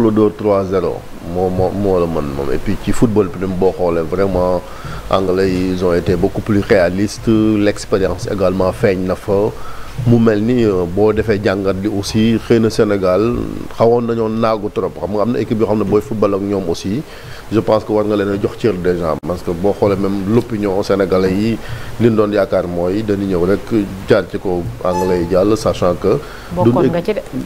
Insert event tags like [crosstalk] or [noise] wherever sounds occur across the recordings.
ku la dóor 3-0 moo moo moo la man moom et puis ci football bi boo xoolee vraiment anglais yi ils ont été beaucoup plus réalistes l'expérience également feeñ na fa. mu mel ni euh, boo defee jàngat bi aussi xëy na Sénégal xawoon nañoo naagu trop xam nga am na équipe yoo xam ne booy football ak ñoom aussi. je pense que war nga leen a jox cër déjà parce que boo xoolee même l'opinion sénégalais yi liñ doon yaakaar mooy dañu ñëw rek jaar ci ko anglais yi jàll sachant que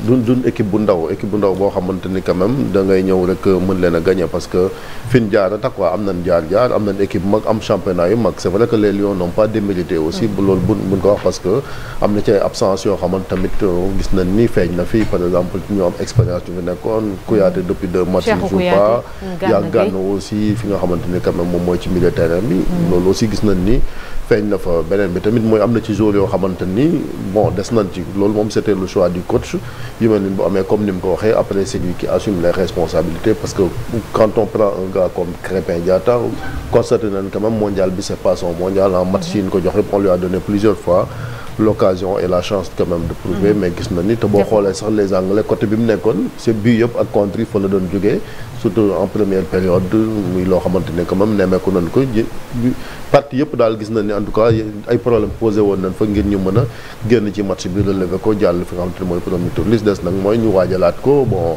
duñ duñ équipe bu ndaw équipe bu ndaw boo xamante ni quand même da ngay ñëw rek mën leen a gagner parce que fi ñu jaar tax quoi am nañ jaar jaar am nañ équipe mag am championnat yu mag c'est vrai que les Lions n'ont pas démérité aussi bu mm. loolu bu buñ ko wax parce que am na ci ay absence yoo xamante tamit euh, gis nañ ni feeñ na fii par exemple ñu am expérience ñu fi nekkoon Kouyaté depuis deux matchs il joue pas yàggaan nañu aussi fi nga xamante ni quand même moom mooy ci milieu terrain bi. Mm. loolu aussi gis nañ ni feeñ na fa beneen bi tamit mooy am na ci zone yoo xamante ni bon des nañ ci loolu moom c'était le choix du coach yu mel ni bu amee comme ni mu ko waxee après c'est lui qui assume les responsabilités parce que quand on prend un gars comme Crépin Diatta constaté nañ quand même mondial bi c'est pas son en match ko jox rek on lui a donné plusieurs fois. l'occasion et la chance quand même de prouver mhm. mais gis na ni te boo xoolee sax les anglais côté bi mu nekkoon c'est bi yëpp ak contre fa la doon jógee surtout en première période muy loo xamante ne quand même nemmeeku nañ ko parti yëpp daal gis na ni en tout cas ay problème posé woon nañ fa ngir ñu mën a génn ci match bi relever ko jàll fi nga xamante ne mooy premier tour des nag mooy ñu waajalaat ko bon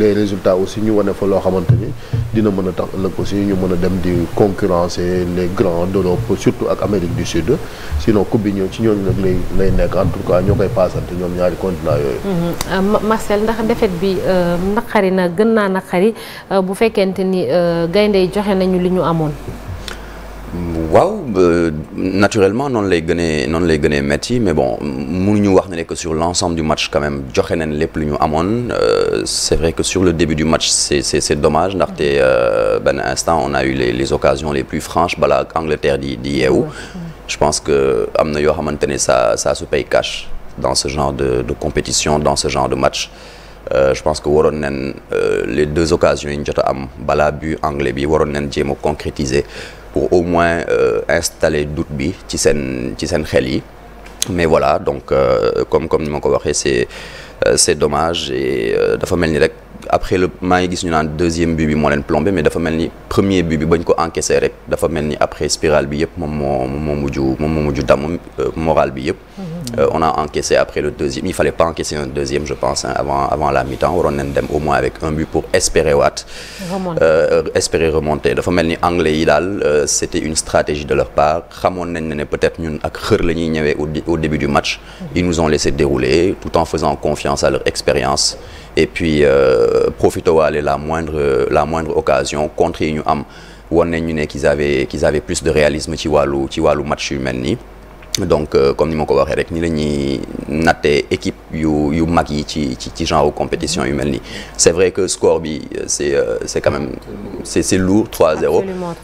les résultats aussi ñu wane fa loo xamante ni dina mën a tax ëllëg aussi ñu mën a dem di concurrencer les grands d'Europe surtout ak Amérique du Sud sinon coupe bi ñëw ci ñooñu nag lay lay nekk en tout cas ñoo koy paasante ñoom ñaari continent yooyu. Mm-hmm. Euh, Marcel ndax défaite bi euh, naqari na gën naa naqari euh, bu fekkente ni gaynde yi joxe nañu li ñu amoon. waaw euh, naturellement noonu lay gënee noonu lay gënee métti mais bon ñu wax ne que sur l'ensemble du match quand même joxe nañ lépp lu ñu amoon euh, c'est vrai que sur le début du match c'est c'est c'est dommage ndaxte mm-hmm. euh, benn instant on a eu les les occasions les plus franches bala Angleterre di di yeewu je pense que am na yoo xamante ne ça ça se paye cash dans ce genre de de compétition dans ce genre de match Euh, je pense que waroon nañ euh, les deux occasions yi ñu jot am balaa bu anglais bi waroon nañ jéem a concrétiser pour au moins euh, installer doute bi ci seen ci seen xel yi mais voilà donc euh, comme comme ni ma ko waxee c'est euh, c'est dommage et dafa mel ni rek après le maa ngi gis ñu naan deuxième bi bi moo leen plombé mais dafa mel ni premier bi bi bañ ko encaissé rek dafa mel ni après spirale bi yëpp moom moo moo mujju moom moo mujju damm moral bi yëpp. Mhm. Euh, a encaissé après le deuxième. Il fallait pas encaisser un deuxième, je pense, hein, avant, avant la mi-temps. Waroon nañ dem avec un but pour espérer waat. Euh, euh, espérer remonter dafa mel ni anglais yi daal euh, c'était une stratégie de leur part xamoon nañ ne ne peut-être ñun a xër la ñuy ñëwee au début du match. Mm-hmm. Ils nous ont laissé dérouler tout en faisant confiance à leur expérience. et puis euh, profité waale la moindre la moindre occasion contre yi ñu am woon nañ ñu ne qu'ils avaient qu'ils avaient plus de réalisme ci wàllu ci wàllu yu mel nii donc euh, comme ni ma ko waxee rek ni la ñuy nattee équipe yu yu mag yi ci ci ci genre compétition yu mel ni c'est vrai que score bi euh, c'est euh, c'est quand même c'est c'est lourd 3-0 absolument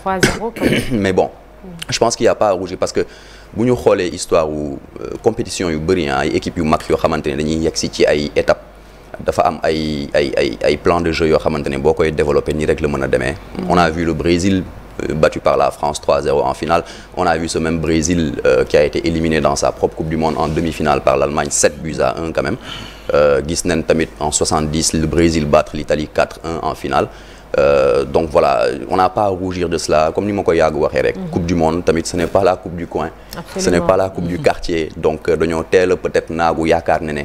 [coughs] mais bon je pense qu'il y a pas à parce que bu ñu xoolee histoire wu euh, compétition yu bëri ay équipe yu mag yoo xamante ne dañuy si ci ay étapes dafa am ay ay ay ay plan de jeu yoo xamante ne boo koy développer nii rek la mën a demee mm. on a vu le Brésil battu par la France 3-0 en finale. On a vu ce même Brésil euh, qui a été éliminé dans sa propre Coupe du Monde en demi-finale par l'Allemagne, 7 buts à 1 quand même. Euh, gis tamit en le Brésil battre l'Italie en finale. Euh, donc voilà on n'a pas rougir de cela comme ni ma ko yàgg coupe du monde tamit ce n'est pas la coupe du coin. ce n'est pas la coupe du mm-hmm. quartier. donc dañoo teel peut-être naagu yaakaar ne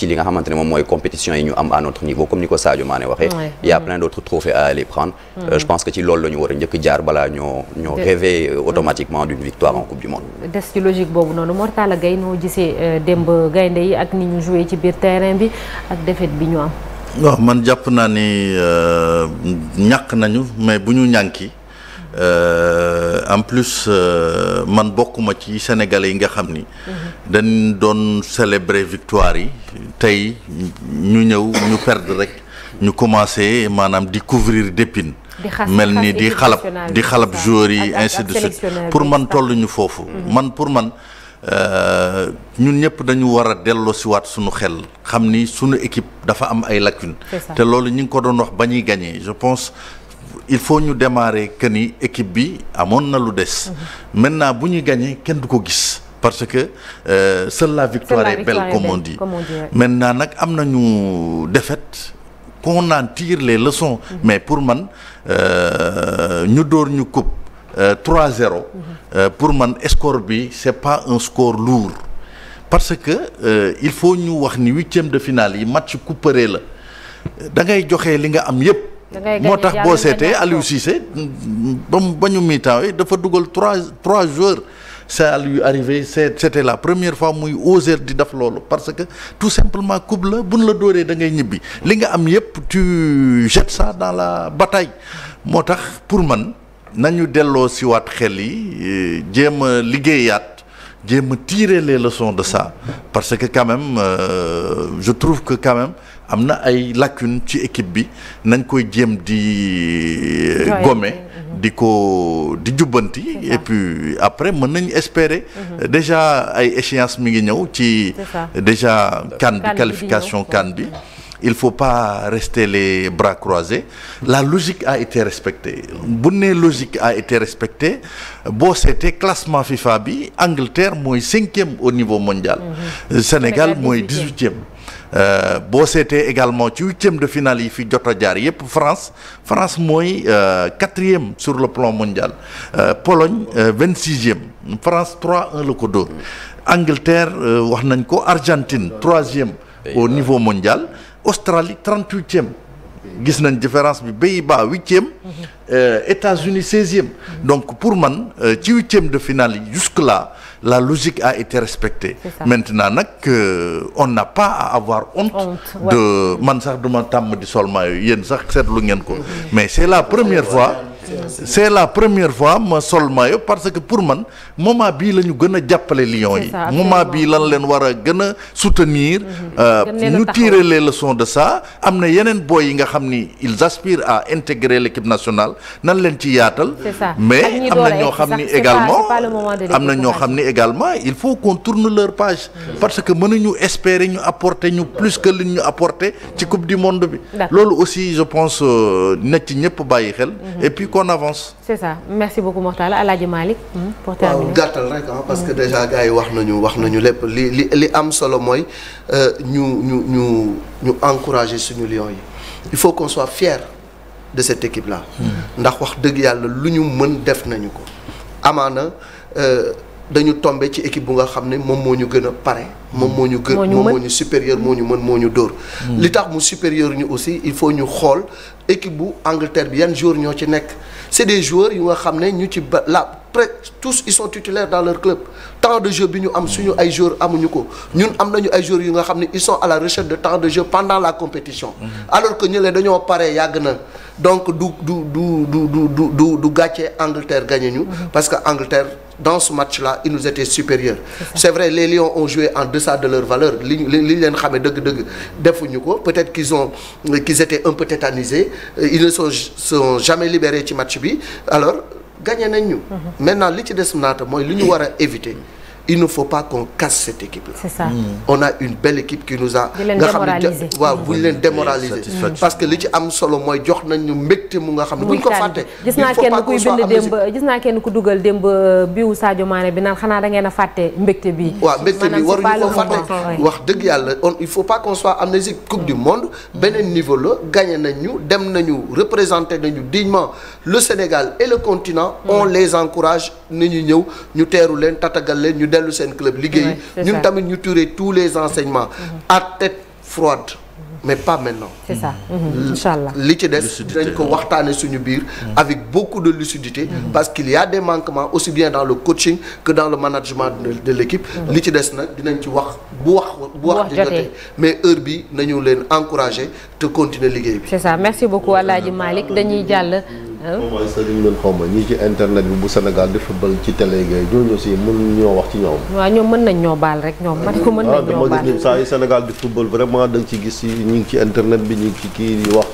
ci li nga xamante ne moom mooy compétition yi ñu am à notre niveau comme ni ko Sadio Mané waxee il y a plein d'autres trophées à aller mm. euh, je pense que ci lool la ñu war a njëkk jaar balaa ñoo ñoo rêver euh, automatiquement d'une victoire en coupe du monde des ci logique boobu noonu Mortala Gaye noo gisee euh, démb gaynde yi ak ni ñu joué ci biir terrain bi ak défaite bi ñu am waaw man jàpp naa ni ñàkk nañu mais bu ñu ñànki Euh, en plus euh, man bokkuma ci sénégalais yi nga xam ni. Mhm. dañ doon célébrer victoire yi tey ñu ñëw ñu perdre rek ñu commencé maanaam di couvrir d'épines mel ni di xalab di xalab joueurs yi ainsi de suite pour man toll ñu foofu mhm. man pour man euh, ñun ñëpp dañu war a delloo si waat suñu xel xam ni suñu équipe dafa am ay lacunes te loolu ñu ngi ko doon wax ba ñuy gagné je pense il faut ñu démarrer que ni équipe bi amoon na lu des. maintenant bu ñuy gagné kenn du ko gis. parce que euh, seule la victoire belle comme on dit maintenant nag am na ñu qu'on en tire les le mm mm-hmm. mais pour man euh, ñu dóor ñu coupe 3-0 euh, mm-hmm. euh, pour man score bi c'est pas un score lourd parce que euh, il faut ñu wax ni huitième de final yi match couperé la da ngay joxe li nga am yépp moo tax boo seetee Aliou Cissé ba mu ba ñu mi dafa dugal trois trois joueurs ça lui arrivé c'est c'était la première fois muy oser di def loolu parce que tout simplement coupe la buñ la dóoree dangay ngay ñibbi li nga am yépp tu jettes ça dans la bataille moo tax pour man nañu delloo si waat xel yi eh, jéem a liggéeyaat jéem a tirer les leçons de ça parce que quand même euh, je trouve que quand même am na ay lacune ci équipe bi nañ koy jéem di euh, gommer mm-hmm. di ko di jubbanti et puis après mën nañ espérer mm-hmm. déjà ay échéance mi ngi ñëw ci déjà CAN bi qualification CAN bi il faut pas rester les bras croisés la logique a été respectée bu ne logique a été respectée boo seetee classement FIFA bi Angleterre mooy cinquième au niveau mondial mm-hmm. Sénégal mooy dix-huitième Euh, boo seetee également ci huitième de finale yi fi jot a jaar yépp France France mooy euh, quatrième sur le plan mondial euh, Pologne vingt sixième France trois un la ko dóor Angleterre wax nañ ko Argentine troisième au niveau mondial Australie trente huitième gis nañ différence bi Pays-Bas huitième mhm. États-Unis seizième mhm. donc pour man ci huitième de finale yi jusque là la logique a été respectée maintenant nag euh, on n'a pas à avoir honte, de man sax duma tàmm di sol maillot yéen sax seetlu ngeen ko mais c'est la première fois c'est la première fois ma sol maillot parce que pour man moment bii la ñu gën a jàppale Lions yi moment bii lan leen war a gën a soutenir ñu mhm. euh, tirer les leçons de ça am na yeneen boy yi nga xam ni il ils aspirent à intégrer l'équipe nationale nan leen ci yaatal mais am na ñoo xam ni également am na ñoo xam ni également il faut qu'on leur page mhm. parce que mënuñu espérer ñu apporter ñu plus que li ñu apporter ci coupe du monde bi loolu aussi je pense euh, na ci ñëpp bàyyi xel mhm. avance. c'est ça merci beaucoup Mokhtar Alaaji Malick hmm. pour terminer waaw gàttal rek ah parce que déjà gars yi wax nañu wax nañu lépp li li am solo mooy euh, ñu ñu ñu ñu encourager suñu lion yi il faut qu'on soit fier de cette équipe là. Hmm. ndax wax dëgg yàlla lu ñu mën def nañu ko amaana. Euh, dañu tombe ci équipe bu nga xam ne moom moo ñu gën a pare moom moo ñu gën moom moo ñu supérieur moo ñu mën moo ñu dóor hmm. li tax mu supérieur ñu aussi il faut ñu xool équipe bu Angleterre bi yan joueur ñoo ci nekk c'est des joueurs yu nga xam ne ñu ci ba la près tous ils sont titulaires dans leur club temps de jeu bi ñu am suñu ay joueurs amuñu ko ñun am nañu ay joueurs yu nga xam ne ils sont à la recherche de temps de jeu pendant la compétition mm-hmm. alors que ñële dañoo paree yàgg na donc du du du du du du du du gàcce Angleterre gagné ñu mm-hmm. parce que Angleterre dans ce match-là ils nous étaient supérieurs c'est vrai les Lions ont joué en deçà de leur valeur li li leen xamee dëgg-dëgg defuñu ko peut-être qu'ils ont qu'ils étaient un peu tétanisés ils ne sont sont ci match bi alors gagné nañ ñu. Mhm. maintenant li ci des naata mooy li ñu war a éviter. il ne faut pas qu'on équipe-là. Mm. on a une belle équipe qui nous a. nga xam ne waaw bu ñu leen mm. démoraliser. parce que li ci am solo mooy jox nañu mbégte mu nga xam ne bu ñu ko fàtte. gis naa kenn kuy bind démb gis naa kenn ku dugal démb euh, biwu Sadio Mané bi naan xanaa da a fàtte mbégte bi. waaw mbégte bi wax dëgg yàlla on il faut pas qu'on soit amnésique coupe du monde beneen niveau la gagné nañu dem nañu représenté nañu dignement le Sénégal et le continent. Mm. on les encourage dellu seen club liggéey ñun tamit ñu tirer tous les mm-hmm. mm-hmm. li ci des dañ ko waxtaane suñu biir. Mm-hmm. avec beaucoup de lucidité. parce qu'il y a des manquements aussi bien dans le coaching que dans le li ci des nag dinañ ci wax bu wax bu wax. jotee mais heure bi nañu leen encourager te continuer liggéey bi. merci beaucoup Alaaji Malick dañuy jàll. waaw sëriñ lañ xaw ma ci internet bi bu Sénégal di football ci télé ngay ñooñu aussi ñoo wax ci ñoom. ñoom mën nañ ñoo baal rek man ko mën nañ ah, ñoo baal dama gis saa yu Sénégal di football vraiment da nga ñu ngi ci internet bi ñu ngi kii di wax.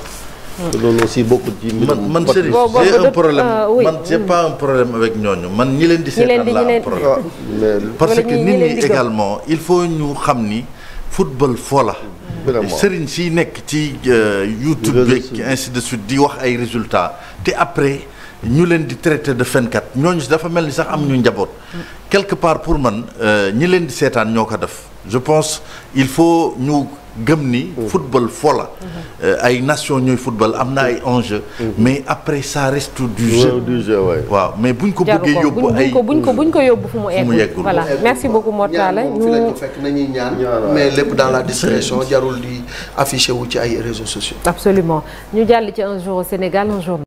Ah. loolu aussi bokkul ci. man man sëriñ c'est un problème ah, man c'est mm. pas problème avec ñooñu man ñi leen di. seetaan la problème parce que nit ñi également il faut ñu xam ni football foo la. sëriñ si nekk ci euh, YouTube beeg ainsi de suite di wax ay résultats te après ñu leen di traité de fenkat ñooñu dafa mel ni sax am ñu njaboot. quelque part pour man euh, ñi leen di seetaan ñoo ko def je pense il faut ñu gëm ni. football fo la. Euh, ay nation ñooy football am na ay enjeu. mais après ça reste du jeu. du jeu waaw mais buñ ko bëggee yóbbu ay buñ ko fu mu eggul voilà merci beaucoup Mortala ñu fi lañ fekk nañuy ñaan mais lépp dans la discrétion jarul di affiché wu ci ay réseaux sociaux. ñu jàll ci un jour au Sénégal